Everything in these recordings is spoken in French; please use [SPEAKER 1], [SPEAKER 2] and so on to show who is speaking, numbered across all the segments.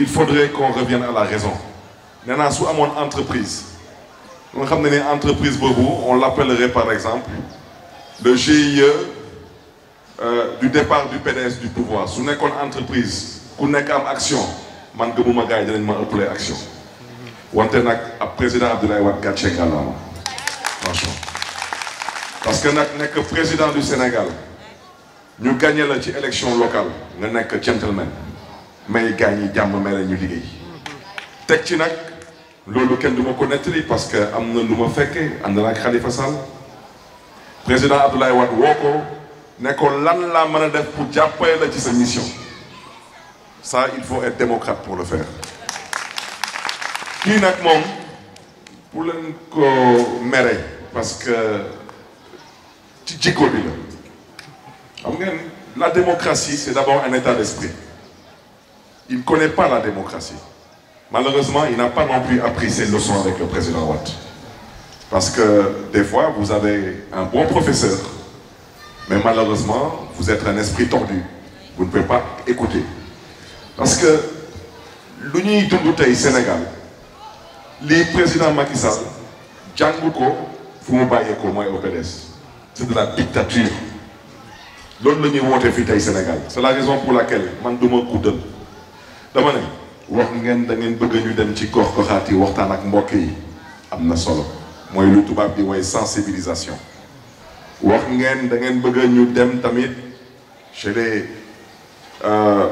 [SPEAKER 1] il faudrait qu'on revienne à la raison Nous soit à entreprise On avons une entreprise vous. on l'appellerait par exemple le GIE euh, du départ du PDS du pouvoir Si une entreprise une une am action man une action, yi dinañ ma action wante nag ab président Abdoulaye Wade gàcce franchement parce que nag président du Sénégal nous gagnons l'élection locale. élection locale nga gentleman mais gaa ñi jàmm ñu liggéey teg ci nak loolu kenn duma ko netti parce que amna na lu ma fekkee Khalifa Sall président Abdoulaye wad woko ko ne ko lan la mëna def pour jàppale la ci sa mission ça il faut être démocrate pour le faire kii nak mom pour leen ko méré parce que ci jikko bi la xam ngeen la démocratie c'est d'abord un état d'esprit il ne connaît pas la démocratie. Malheureusement, il n'a pas non plus appris ses leçons avec le président Watt. Parce que des fois, vous avez un bon professeur, mais malheureusement, vous êtes un esprit tordu. Vous ne pouvez pas écouter. Parce que l'Union du Sénégal, Les présidents Macky Sall, Djangouko, pas moi au PDS. C'est de la dictature. L'autre, l'Union du Sénégal. C'est la raison pour laquelle, Mandouma Koudel, dama wax ngeen da bëgg ñu sensibilisation chez les euh,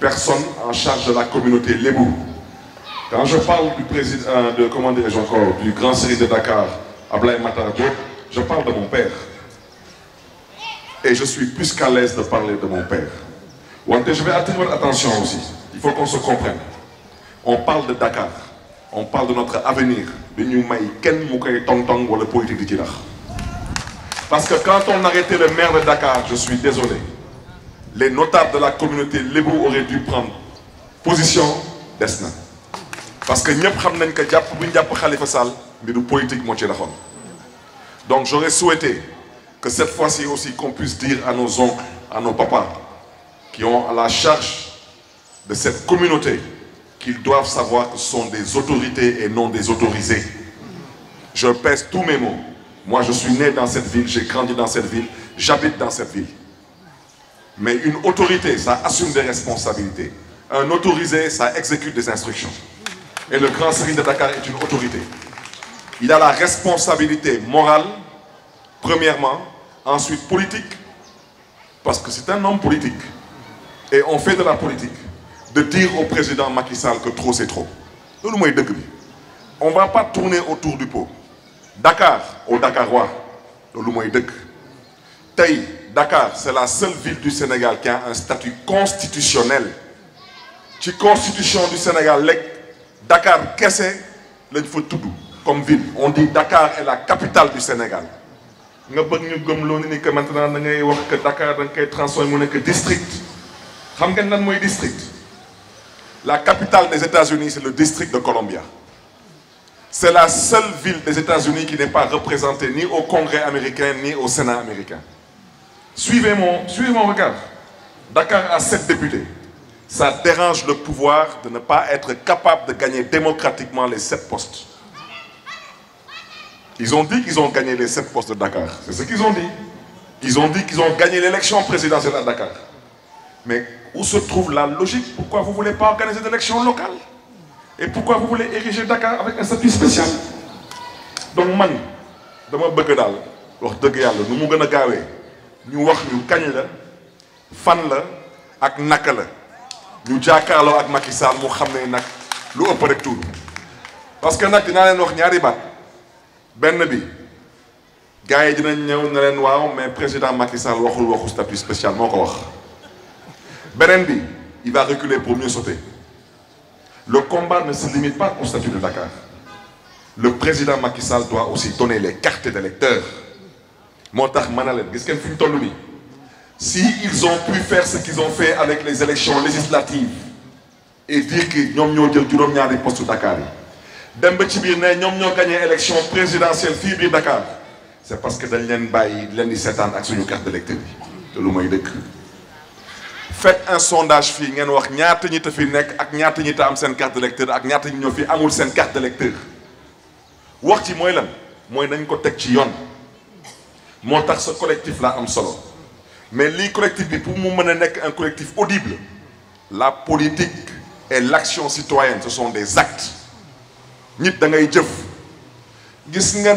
[SPEAKER 1] personnes en charge de la communauté lébou quand je parle du président euh, de comment dirais du grand série de Dakar je parle de mon père et je suis plus qu'à l'aise de parler de mon père je vais attirer votre attention aussi il faut qu'on se comprenne on parle de Dakar on parle de notre avenir dañu may kenn mu koy tong-tong wala politique di ci parce que quand on a arrêté le maire de Dakar je suis désolé les notables de la communauté lébou auraient dû prendre position d'Essna. parce que ñëpp xam nañ pas jàpp bu ñu jàpp Khalifa Sall mbiru politique donc j'aurais souhaité que cette fois-ci aussi qu'on puisse dire à nos oncles à nos papas qui ont à la charge de cette communauté qu'ils doivent savoir que ce sont des autorités et non des autorisés. Je pèse tous mes mots. Moi, je suis né dans cette ville, j'ai grandi dans cette ville, j'habite dans cette ville. Mais une autorité, ça assume des responsabilités. Un autorisé, ça exécute des instructions. Et le Grand Serigne de Dakar est une autorité. Il a la responsabilité morale, premièrement, ensuite politique, parce que c'est un homme politique. Et on fait de la politique de dire au président Macky Sall que trop c'est trop On ne bi on va pas tourner autour du pot Dakar au Dakarois pas le dëgg tey Dakar c'est la seule ville du Sénégal qui a un statut constitutionnel La constitution du Sénégal que Dakar Il lañ tout doux comme ville on dit Dakar est la capitale du Sénégal nga avons ñu gëm que maintenant nous avons wax que Dakar est un en district district la capitale des États-Unis, c'est le district de Columbia. C'est la seule ville des États-Unis qui n'est pas représentée ni au Congrès américain, ni au Sénat américain. Suivez mon, suivez mon regard. Dakar a sept députés. Ça dérange le pouvoir de ne pas être capable de gagner démocratiquement les sept postes. Ils ont dit qu'ils ont gagné les sept postes de Dakar. C'est ce qu'ils ont dit. Ils ont dit qu'ils ont gagné l'élection présidentielle à Dakar. Mais où se trouve la logique Pourquoi vous ne voulez pas organiser d'élections locales Et pourquoi vous voulez ériger Dakar avec un statut spécial Donc, moi, je veux dire, wax nous a nous ñu wax ñu nous fan la ak naka la ñu nous ak Macky Sall mu xamné nous lu ëpp des parce que nak wax ñaari baat nous bi gars yi dinañ ñëw na leen waaw mais président Macky Sall waxul waxu statut spécial moko wax Berenbi, il va reculer pour mieux sauter. Le combat ne se limite pas au statut de Dakar. Le président Macky Sall doit aussi donner les cartes d'électeurs. Montar Manalen, qu'est-ce qu'elle Si ils ont pu faire ce qu'ils ont fait avec les élections législatives et dire que qu'ils ont des postes au Dakar, nous avons gagné l'élection présidentielle fibre Dakar, c'est parce que nous avons carte d'électeur faites un sondage fi ngeen wax ñaata ñi fi ak ñaata ñi carte ak ñaata ñi amul sen carte wax ci lan ko ci yoon collectif la am mais ce collectif pour mu un collectif audible la politique et l'action citoyenne ce sont des actes nit da ngay jëf gis ndar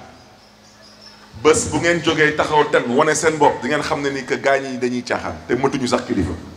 [SPEAKER 1] bés bu ngeen jógee taxaw tem wane seen bopp di ngeen xam ne ni que gaañ yi dañuy caaxaan te mëtuñu sax kilifa